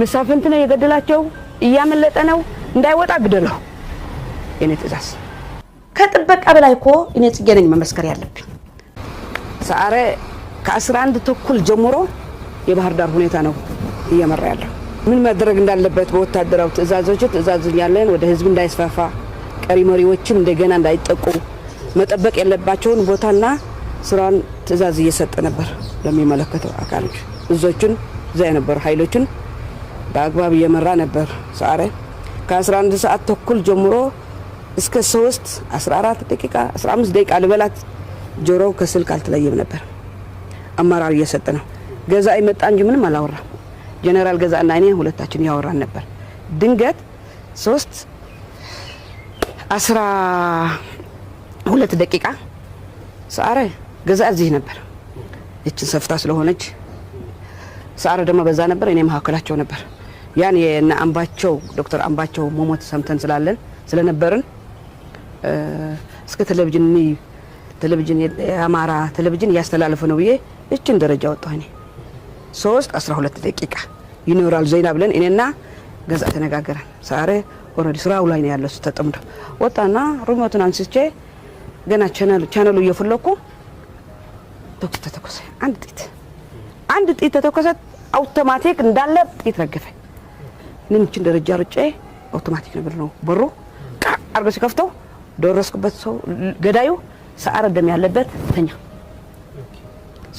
መሳፍንት ነው የገደላቸው፣ እያመለጠ ነው፣ እንዳይወጣ ግደለው። የኔ ትእዛዝ ከጥበቃ በላይ እኮ እኔ ጽጌ ነኝ መመስከር ያለብኝ። ሰዓረ ከአስራ አንድ ተኩል ጀምሮ የባህር ዳር ሁኔታ ነው እየመራ ያለው። ምን መድረግ እንዳለበት በወታደራዊ ትእዛዞች ትእዛዙን ያለን ወደ ህዝብ እንዳይስፋፋ ቀሪ መሪዎችን እንደገና እንዳይጠቁ መጠበቅ ያለባቸውን ቦታና ስራን ትእዛዝ እየሰጠ ነበር ለሚመለከተው አካሎች እዞቹን እዛ የነበሩ ኃይሎችን በአግባብ እየመራ ነበር። ሰዓረ ከ11 ሰዓት ተኩል ጀምሮ እስከ 3 14 ደቂቃ 15 ደቂቃ ልበላት ጆሮ ከስልክ አልተለየም ነበር። አመራር እየሰጠ ነው። ገዛ ይመጣ እንጂ ምንም አላወራም። ጀነራል ገዛ እና እኔ ሁለታችን ያወራን ነበር። ድንገት 3 12 ደቂቃ ሰዓረ ገዛ እዚህ ነበር። ይችን ሰፍታ ስለሆነች ሳረ ደግሞ በዛ ነበር፣ እኔ መካከላቸው ነበር። ያን የነ አምባቸው ዶክተር አምባቸው መሞት ሰምተን ስላለን ስለነበርን እስከ ቴሌቪዥን ቴሌቪዥን የአማራ ቴሌቪዥን እያስተላለፈ ነው ብዬ እችን ደረጃ ወጣሁ። እኔ ሶስት አስራ ሁለት ደቂቃ ይኖራል ዜና ብለን እኔና ገዛ ተነጋገረን። ሳሬ ኦልሬዲ ስራው ላይ ነው ያለሱ ተጠምዶ ወጣና ሪሞቱን አንስቼ ገና ቻነሉ እየፈለኩ ተኩስ ተተኮሰ። አንድ ጥይት አንድ ጥይት ተተኮሰ። አውቶማቲክ እንዳለ ጥይት ረገፈ። ንንችን ደረጃ ርጬ አውቶማቲክ ነበር ነው በሩ አርገ ሲከፍተው ደረስኩበት። ሰው ገዳዩ ሰዓረ ደም ያለበት ተኛ።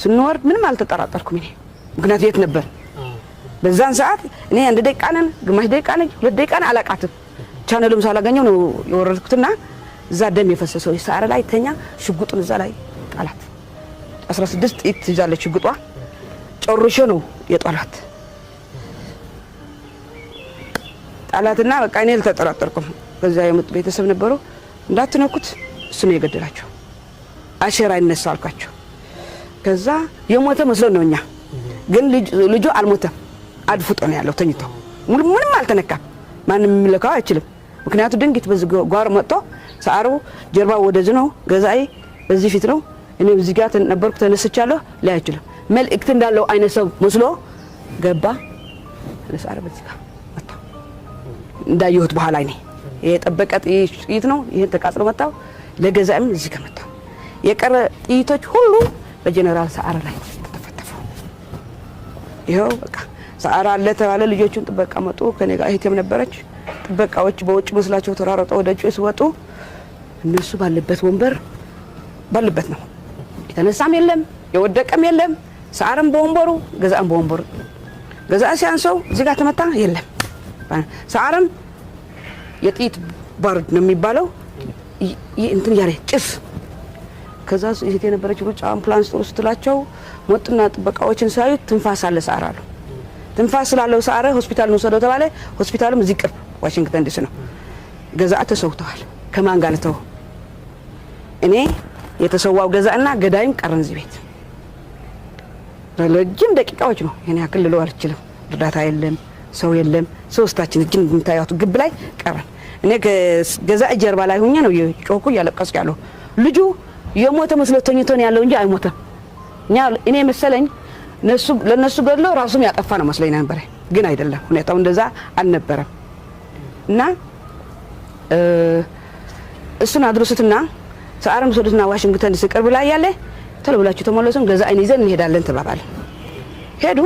ስንወርድ ምንም አልተጠራጠርኩም እኔ ምክንያቱ የት ነበር በዛን ሰዓት እኔ አንድ ደቂቃ ነን ግማሽ ደቂቃ ነኝ ሁለት ደቂቃ ነን አላቃትም። ቻነሉም ሳላገኘው ነው የወረድኩትና እዛ ደም የፈሰሰው ሰዓረ ላይ ተኛ። ሽጉጡን እዛ ላይ ጣላት። 16 ጥይት ትይዛለች ሽጉጧ። ጨርሼ ነው የጧላት ጣላትና በቃ እኔ አልተጠራጠርኩም። ከዛ የመጡ ቤተሰብ ነበሩ። እንዳትነኩት እሱ ነው የገደላቸው፣ አሸራ ይነሳ አልኳቸው። ከዛ የሞተ መስሎ ነው እኛ ግን ልጁ አልሞተም። አድፍጦ ነው ያለው ተኝቶ፣ ምንም አልተነካም። ማንም የሚለካው አይችልም። ምክንያቱ ድንግት በዚህ ጓሮ መጥቶ ሰዓሩ ጀርባ ወደዚህ ነው፣ ገዛኤ በዚህ ፊት ነው። እኔ እዚህ ጋር ነበርኩ ተነስቻለሁ። ላይ አይችልም መልእክት እንዳለው አይነት ሰው መስሎ ገባ ለሰዓሩ በዚህ ጋር እንዳየሁት በኋላ እኔ ጠበቀ ጥይት ነው። ይሄን ተቃጥሎ መጣው ለገዛም እዚህ ከመጣው የቀረ ጥይቶች ሁሉ በጀነራል ሰዓረ ላይ ተተፈተፉ። ይኸው በቃ ሰዓረ አለ ተባለ። ልጆቹን ጥበቃ መጡ። ከኔ ጋር እህቴም ነበረች። ጥበቃዎች በውጭ መስላቸው ተራረጠው ወደ ውጭ ሲወጡ እነሱ ባለበት ወንበር ባለበት ነው የተነሳም የለም የወደቀም የለም። ሰዓረም በወንበሩ ገዛም በወንበሩ ገዛ ሲያንሰው እዚህ ጋር ተመታ የለም ሳርም የጥይት ባርድ ነው የሚባለው እንትን ያሬ ጭስ ከዛ ሴት የነበረች ሩጫ አምፕላንስ ጥሩ ስትላቸው ሞጥና ጥበቃዎችን ሳዩ ትንፋስ አለ ሰዓረ አሉ። ትንፋስ ስላለው ሳረ ሆስፒታል እንውሰደው ተባለ። ሆስፒታሉም እዚህ ቅርብ ዋሽንግተን ዲሲ ነው። ገዛ ተሰውተዋል። ከማን ጋር ተው እኔ የተሰዋው ገዛ እና ገዳይም ቀረን እዚህ ቤት ረጅም ደቂቃዎች ነው። ይህን ያክል ልለው አልችልም። እርዳታ የለም። ሰው የለም። ሶስታችን እጅን የምታያቱ ግብ ላይ ቀረን። እኔ ገዛ ጀርባ ላይ ሆኜ ነው ጮኩ እያለቀስኩ ያለው ልጁ የሞተ መስሎ ተኝቶ ነው ያለው እንጂ አይሞተም። እኛ እኔ መሰለኝ ነሱ ለነሱ ገድሎ ራሱም ያጠፋ ነው መስለኝ ነበረ፣ ግን አይደለም። ሁኔታው እንደዛ አልነበረም። እና እሱን አድርሱትና ሰአረም ሰዱትና ዋሽንግተን ዲሲ ቅርብ ላይ ያለ ቶሎ ተመለሱን ገዛ አይን ይዘን እንሄዳለን ተባባልን። ሄዱ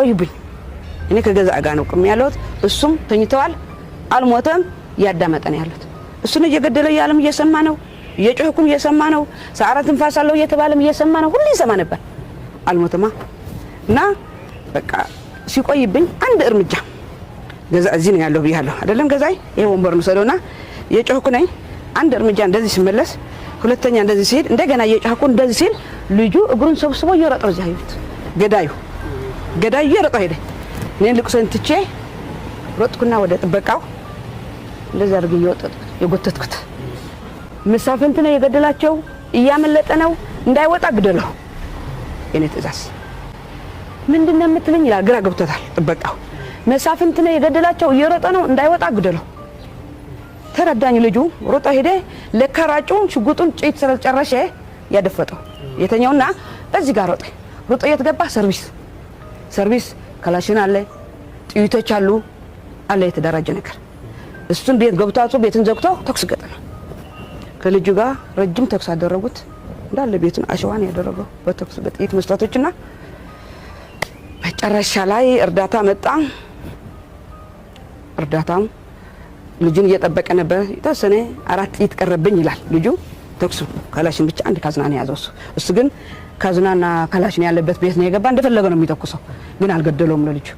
ቆዩብኝ። እኔ ከገዛ ጋ ነው ቁም ያለሁት። እሱም ተኝተዋል፣ አልሞተም፣ እያዳመጠ ነው ያሉት። እሱን እየገደለ እያለም እየሰማ ነው፣ እየጮህኩም እየሰማ ነው። ሰዓረ ትንፋስ አለው እየተባለም እየሰማ ነው። ሁሉ ይሰማ ነበር፣ አልሞተማ። እና በቃ ሲቆይብኝ አንድ እርምጃ ገዛ እዚህ ነው ያለው ብያለሁ አይደለም ገዛይ፣ ይሄ ወንበር ነው ሰደውና እየጮህኩ ነኝ። አንድ እርምጃ እንደዚህ ሲመለስ፣ ሁለተኛ እንደዚህ ሲሄድ፣ እንደገና እየጮህኩ እንደዚህ ሲል ልጁ እግሩን ሰብስቦ እየሮጠ እዚህ ገዳዩ ገዳዩ ርቆ ሄደ። እኔን ልቅሶን ትቼ ሮጥኩና ወደ ጥበቃው እንደዚ አድርጌ እየወጠጥ የጎተትኩት መሳፍንት ነው የገደላቸው። እያመለጠ ነው እንዳይወጣ ግደለው። የኔ ትእዛዝ ምንድን ነው የምትለኝ ይላል። ግራ ገብቶታል ጥበቃው። መሳፍንት ነው የገደላቸው፣ እየሮጠ ነው እንዳይወጣ ግደለው። ተረዳኝ ልጁ ሮጦ ሄደ። ለከራጩን ሽጉጡን ጭት ስለጨረሸ ያደፈጠው የተኛውና እዚህ ጋር ሮጠ ሮጦ የት ገባ ሰርቪስ ሰርቪስ ከላሽን አለ፣ ጥይቶች አሉ አለ የተደራጀ ነገር። እሱን ቤት ገብታቱ ቤትን ዘግተው ተኩስ ገጠመ። ከልጁ ጋር ረጅም ተኩስ አደረጉት። እንዳለ ቤቱን አሸዋን ያደረገው በተኩስ በጥይት መስታቶችና መጨረሻ ላይ እርዳታ መጣ። እርዳታም ልጁን እየጠበቀ ነበር። የተወሰነ አራት ጥይት ቀረብኝ ይላል ልጁ። ተኩሱ ከላሽን ብቻ አንድ ካዝናን የያዘው እሱ እሱ ግን ከዝናና ካላሽን ያለበት ቤት ነው የገባ። እንደፈለገ ነው የሚተኩሰው፣ ግን አልገደለውም ለልጁ።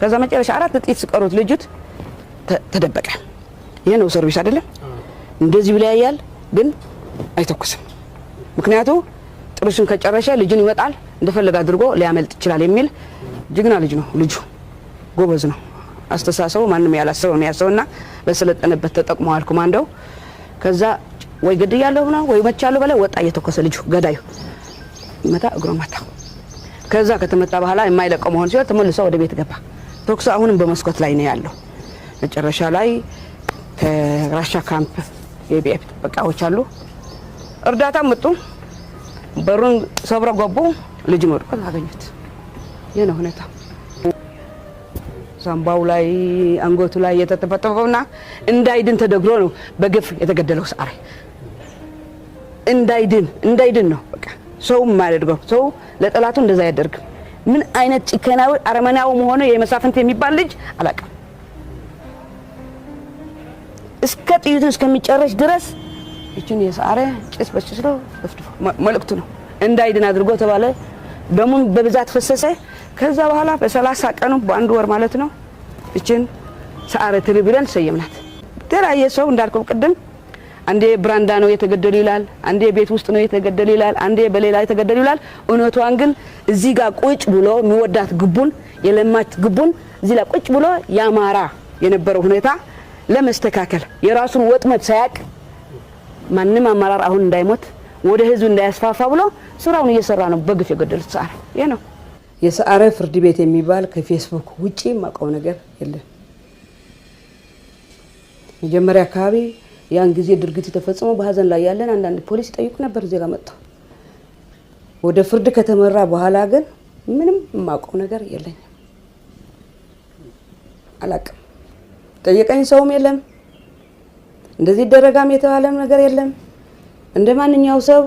ከዛ መጨረሻ አራት ጥይት ሲቀሩት ልጁት ተደበቀ። ይሄ ነው ሰርቪስ አይደለም። እንደዚህ ብላ ያያል፣ ግን አይተኩስም። ምክንያቱ ጥሩሽን ከጨረሸ ልጅን ይመጣል፣ እንደፈለገ አድርጎ ሊያመልጥ ይችላል የሚል ጀግና ልጅ ነው። ልጁ ጎበዝ ነው። አስተሳሰቡ ማንም ያላሰበው ነው ያሰውና በሰለጠነበት ተጠቅመዋል። ኮማንዶው ከዛ ወይ ግድ ያለው ነው ወይ መቻለው በላይ ወጣ እየተኮሰ ልጁ ገዳዩ መታ እግሮ መታው። ከዛ ከተመታ በኋላ የማይለቀው መሆን ሲሆን ተመልሶ ወደ ቤት ገባ። ተኩሱ አሁንም በመስኮት ላይ ነው ያለው። መጨረሻ ላይ ከራሻ ካምፕ የቢኤፍ ጥበቃዎች አሉ፣ እርዳታ መጡ። በሩን ሰብሮ ገቡ። ልጅ ወድቆ አገኙት። ይህ ነው ሁኔታ። ሳምባው ላይ አንገቱ ላይ የተጠፈጠፈውና እንዳይድን ተደግሮ ነው በግፍ የተገደለው። ሰዓሬ እንዳይድን እንዳይድን ነው በቃ ሰው የማያደርገው ሰው ለጠላቱ እንደዛ አያደርግም። ምን አይነት ጭከናዊ አረመናዊ መሆነ የመሳፍንት የሚባል ልጅ አላውቅም። እስከ ጥይቱ እስከሚጨረስ ድረስ እቺን የሳረ ጭስ በስስሎ ደፍድፎ መልእክቱ ነው። እንዳይድን አድርጎ ተባለ። ደሙን በብዛት ፈሰሰ። ከዛ በኋላ በሰላሳ ቀኑ በአንድ ወር ማለት ነው። ይችን ሳረ ትሪ ብለን ሰየምናት። ተለያየ ሰው እንዳልከው ቅድም አንዴ ብራንዳ ነው የተገደሉ ይላል፣ አንዴ ቤት ውስጥ ነው የተገደሉ ይላል፣ አንዴ በሌላ የተገደሉ ይላል። እውነቷን ግን እዚህ ጋር ቁጭ ብሎ የሚወዳት ግቡን የለማች ግቡን እዚህ ላይ ቁጭ ብሎ ያማራ የነበረው ሁኔታ ለመስተካከል የራሱን ወጥመድ ሳያቅ ማንም አመራር አሁን እንዳይሞት ወደ ህዝብ እንዳያስፋፋ ብሎ ስራውን እየሰራ ነው። በግፍ የገደሉት ሰዓረ ይህ ነው የሰዓረ ፍርድ ቤት የሚባል ከፌስቡክ ውጪ የማውቀው ነገር የለም። መጀመሪያ አካባቢ ያን ጊዜ ድርጊቱ ተፈጽሞ በሀዘን ላይ ያለን አንዳንድ ፖሊስ ይጠይቁ ነበር እዚህ ጋር መጥተው። ወደ ፍርድ ከተመራ በኋላ ግን ምንም የማውቀው ነገር የለኝም፣ አላቅም። ጠየቀኝ ሰውም የለም፣ እንደዚህ ደረጋም የተባለም ነገር የለም። እንደ ማንኛው ሰው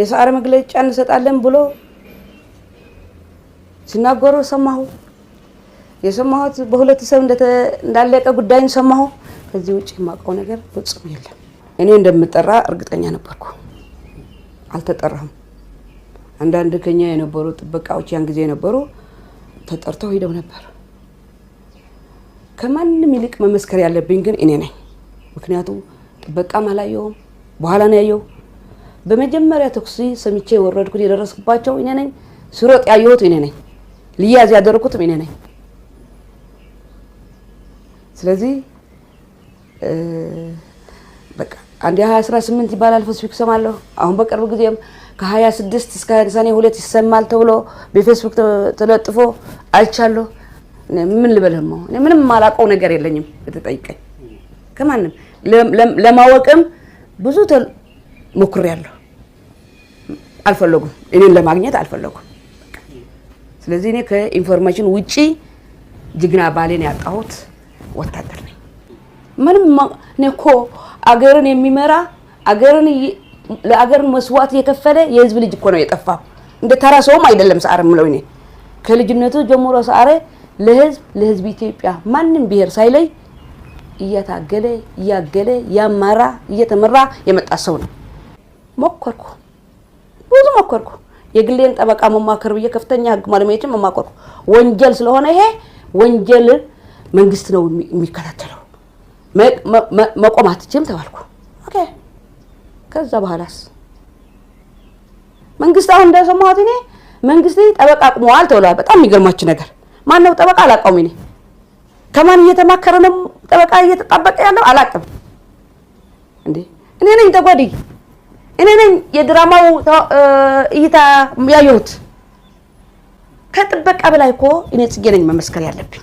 የሳር መግለጫ እንሰጣለን ብሎ ሲናገሩ ሰማሁ። የሰማሁት በሁለት ሰብ እንዳለቀ ጉዳይን ሰማሁ። ከዚህ ውጭ የማውቀው ነገር ፍጹም የለም። እኔ እንደምጠራ እርግጠኛ ነበርኩ፣ አልተጠራም። አንዳንድ ከኛ የነበሩ ጥበቃዎች ያን ጊዜ የነበሩ ተጠርተው ሄደው ነበር። ከማንም ይልቅ መመስከር ያለብኝ ግን እኔ ነኝ። ምክንያቱም ጥበቃም አላየውም፣ በኋላ ነው ያየው። በመጀመሪያ ተኩሲ ሰምቼ የወረድኩት የደረስኩባቸው እኔ ነኝ። ስሮጥ ያየሁት እኔ ነኝ። ልያዝ ያደረኩትም እኔ ነኝ። ስለዚህ በቃ አንድ የ2018 ይባላል ፌስቡክ እሰማለሁ። አሁን በቅርብ ጊዜም ከ26 እስከ ሰኔ ሁለት ይሰማል ተብሎ በፌስቡክ ተለጥፎ አይቻለሁ። ምን እኔ ምንም ማላቀው ነገር የለኝም። ብትጠይቀኝ ከማንም ለማወቅም ብዙ ሞክሬያለሁ። አልፈለጉም፣ እኔን ለማግኘት አልፈለጉም። ስለዚህ እኔ ከኢንፎርሜሽን ውጪ ጅግና ባሌን ያጣሁት ወታደር ነኝ። ምንም እኮ አገርን የሚመራ አገርን ለአገር መስዋዕት የከፈለ የህዝብ ልጅ እኮ ነው የጠፋው። እንደ ተራ ሰውም አይደለም ሳረ ምለው እኔ ከልጅነቱ ጀምሮ ሳረ ለህዝብ ለህዝብ ኢትዮጵያ ማንም ብሄር ሳይለይ እያታገለ እያገለ ያማራ እየተመራ የመጣ ሰው ነው። ሞከርኩ፣ ብዙ ሞከርኩ። የግሌን ጠበቃ መማከር ብዬ ከፍተኛ ህግ ባለሙያዎችን መማከርኩ። ወንጀል ስለሆነ ይሄ ወንጀል መንግስት ነው የሚከታተለው መቆም አትችም ተባልኩ። ኦኬ ከዛ በኋላስ መንግስት አሁን እንደሰማሁት እኔ መንግስት ጠበቃ አቁመዋል ተብሏል በጣም የሚገርማችሁ ነገር ማን ነው ጠበቃ አላውቀውም። እኔ ከማን እየተማከረ ነው ጠበቃ እየተጣበቀ ያለው አላውቅም። እንዴ እኔ ነኝ ተጓድዬ፣ እኔ ነኝ የድራማው እይታ ያየሁት። ከጥበቃ በላይ እኮ እኔ ጽጌ ነኝ መመስከር ያለብኝ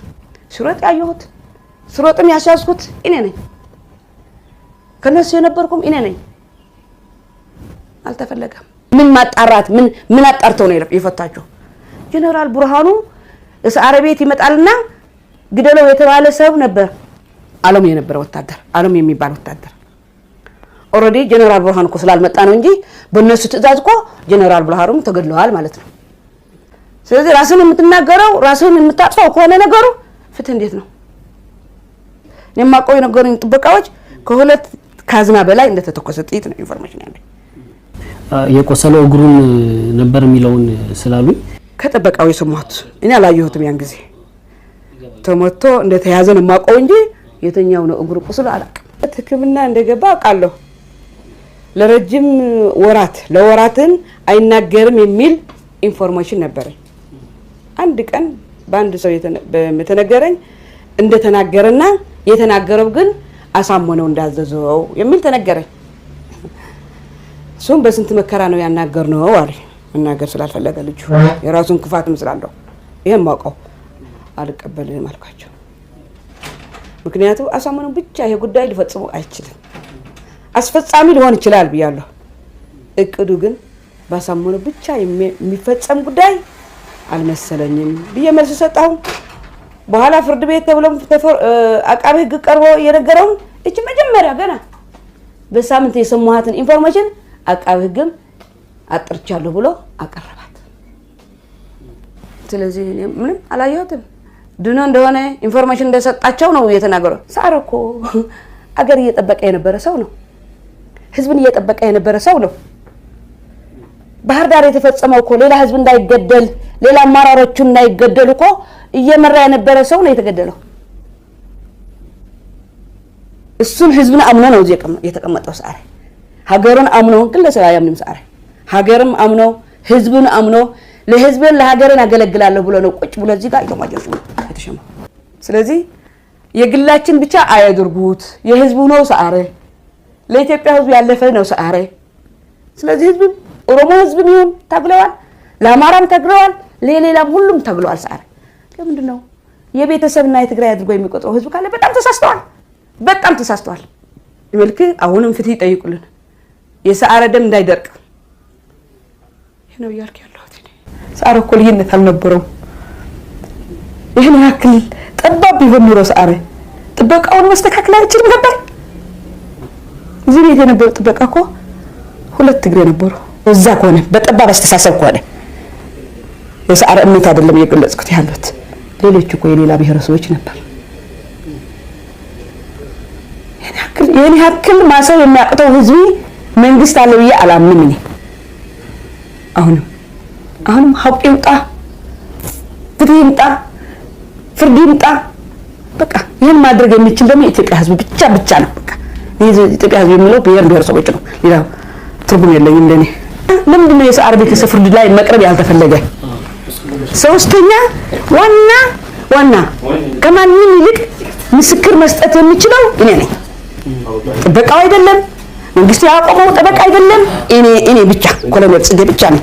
ሱረት ያየሁት ስሮጥም ያስያዝኩት እኔ ነኝ። ከነሱ የነበርኩም እኔ ነኝ። አልተፈለገም። ምን ማጣራት ምን ምን አጣርተው ነው የፈታቸው? ጀነራል ብርሃኑ ሳር ቤት ይመጣልና ግደለው የተባለ ሰው ነበር። አለም የነበረ ወታደር አለም የሚባል ወታደር ኦልሬዲ ጀነራል ብርሃኑ እኮ ስላልመጣ ነው እንጂ በእነሱ ትዕዛዝ እኮ ጀነራል ብርሃኑም ተገድለዋል ማለት ነው። ስለዚህ ራስን የምትናገረው ራስን የምታጥፈው ከሆነ ነገሩ ፍትህ እንዴት ነው? እኔ የማውቀው የነገሩኝ ጥበቃዎች ከሁለት ካዝና በላይ እንደተተኮሰ ጥይት ነው ኢንፎርሜሽን ያለኝ። የቆሰለው እግሩን ነበር የሚለውን ስላሉኝ ከጠበቃው የሰማሁት እኔ አላየሁትም። ያን ጊዜ ተመቶ እንደተያዘ ነው የማውቀው እንጂ የተኛው ነው እግሩ ቁስሉ አላውቅም። ሕክምና እንደገባ አውቃለሁ። ለረጅም ወራት ለወራትን አይናገርም የሚል ኢንፎርሜሽን ነበረኝ። አንድ ቀን በአንድ ሰው የተነገረኝ እንደተናገረና የተናገረው ግን አሳምነው እንዳዘዘው የሚል ተነገረኝ። እሱም በስንት መከራ ነው ያናገር ነው አለ። መናገር ስላልፈለገ ልጁ የራሱን ክፋትም ስላለው ይህም አውቀው አልቀበልም አልኳቸው። ምክንያቱም አሳምነው ብቻ ይሄ ጉዳይ ሊፈጽሙ አይችልም። አስፈጻሚ ሊሆን ይችላል ብያለሁ። እቅዱ ግን በአሳምነው ብቻ የሚፈጸም ጉዳይ አልመሰለኝም ብዬ መልስ ሰጣሁ? በኋላ ፍርድ ቤት ተብሎ አቃቤ ህግ ቀርቦ የነገረውን እች መጀመሪያ ገና በሳምንት የሰማሃትን ኢንፎርሜሽን አቃቤ ሕግም አጥርቻለሁ ብሎ አቀረባት። ስለዚህ ምንም አላየሁትም። ድኖ እንደሆነ ኢንፎርሜሽን እንደሰጣቸው ነው እየተናገሩ ሳር እኮ አገር እየጠበቀ የነበረ ሰው ነው። ህዝብን እየጠበቀ የነበረ ሰው ነው። ባህር ዳር የተፈጸመው እኮ ሌላ ህዝብ እንዳይገደል ሌላ አመራሮቹ እንዳይገደሉ እኮ እየመራ የነበረ ሰው ነው የተገደለው። እሱን ህዝብን አምኖ ነው እዚህ የተቀመጠው ሳሬ ሀገሩን አምኖ ግለሰብ አያምንም። ሰዓረ ሀገርም አምኖ ህዝብን አምኖ ለህዝብን ለሀገርን አገለግላለሁ ብሎ ነው ቁጭ ብሎ እዚህ ጋር እየማጀሱ የተሸማ። ስለዚህ የግላችን ብቻ አያድርጉት፣ የህዝቡ ነው ሰዓረ ለኢትዮጵያ ህዝብ ያለፈ ነው ሰዓረ። ስለዚህ ህዝብም ኦሮሞ ህዝብም ይሁን ታግለዋል፣ ለአማራም ታግለዋል። ለሌላም ሁሉም ተብሏል። ሳር ለምንድን ነው የቤተሰብና የትግራይ አድርጎ የሚቆጥረው ህዝብ ካለ በጣም ተሳስተዋል፣ በጣም ተሳስተዋል። መልክ አሁንም ፍትህ ይጠይቁልን፣ የሰአረ ደም እንዳይደርቅ። ይህ ነው እያልክ ያለሁት። ሰአረ እኮ ልዩነት አልነበረው። ይህን ያክል ጠባብ ቢሆን ኑሮ ሰአረ ጥበቃውን መስተካከል አይችልም ነበር። እዚህ ቤት የነበረው ጥበቃ እኮ ሁለት ትግሬ ነበሩ። እዛ ከሆነ በጠባብ አስተሳሰብ ከሆነ የሰዓረነት አይደለም እየገለጽኩት ያሉት ሌሎች እኮ የሌላ ብሔረሰቦች ነበር። ይህን ያክል ማሰብ የሚያቅተው ህዝቢ መንግስት አለ ብዬ አላምንም እኔ። አሁንም አሁንም ሀቅ ይምጣ፣ ፍትህ ይምጣ፣ ፍርድ ይምጣ። በቃ ይህን ማድረግ የሚችል ደግሞ የኢትዮጵያ ህዝብ ብቻ ብቻ ነው። በቃ ኢትዮጵያ ህዝብ የሚለው ብሔር ብሔረሰቦች ነው። ሌላ ትርጉም የለኝም ለእኔ። ለምንድነው የሰዓር ቤተሰብ ፍርድ ላይ መቅረብ ያልተፈለገ? ሶስተኛ ዋና ዋና ከማንም ይልቅ ምስክር መስጠት የሚችለው እኔ ነኝ። ጥበቃው አይደለም መንግስቱ ያቆመው ጥበቃ አይደለም። እኔ እኔ ብቻ ኮሎኔል ጽጌ ብቻ ነኝ።